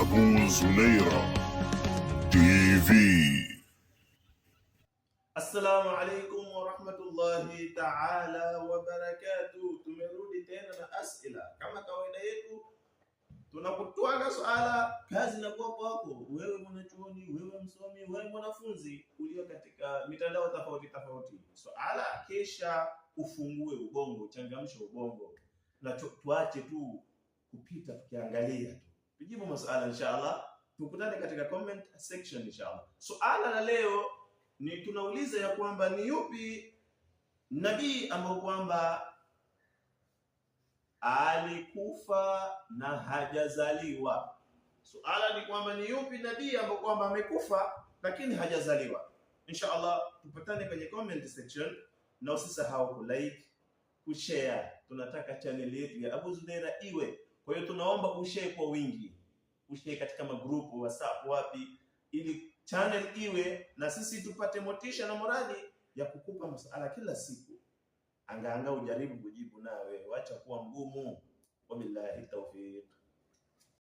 Abu Zunaira TV. Assalamu alaikum warahmatullahi taala wabarakatuh. Tumerudi tena na asila kama kawaida yetu, so swala kazi na kuwa kwako wewe mwanachuoni, wewe msomi, wewe mwanafunzi ulio katika mitandao tofauti tofauti. Swala kisha ufungue ubongo, uchangamshe ubongo na tuache tu kupita tukiangalia Tujibu masuala inshallah. Tukutane katika comment section inshallah. Suala la leo ni tunauliza ya kwamba ni yupi nabii ambao kwamba alikufa na hajazaliwa. Suala ni kwamba ni yupi nabii ambao kwamba amekufa lakini hajazaliwa. Inshallah tupatane kwenye comment section, na usisahau kulike, kushare. Tunataka channel yetu ya Abu Zubair iwe kwa hiyo tunaomba ushare kwa wingi, ushare katika magrupu WhatsApp, wapi, ili channel iwe na sisi tupate motisha na morali ya kukupa msaada kila siku. Angaanga ujaribu kujibu, nawe wacha kuwa mgumu. Wabillahi tawfiq.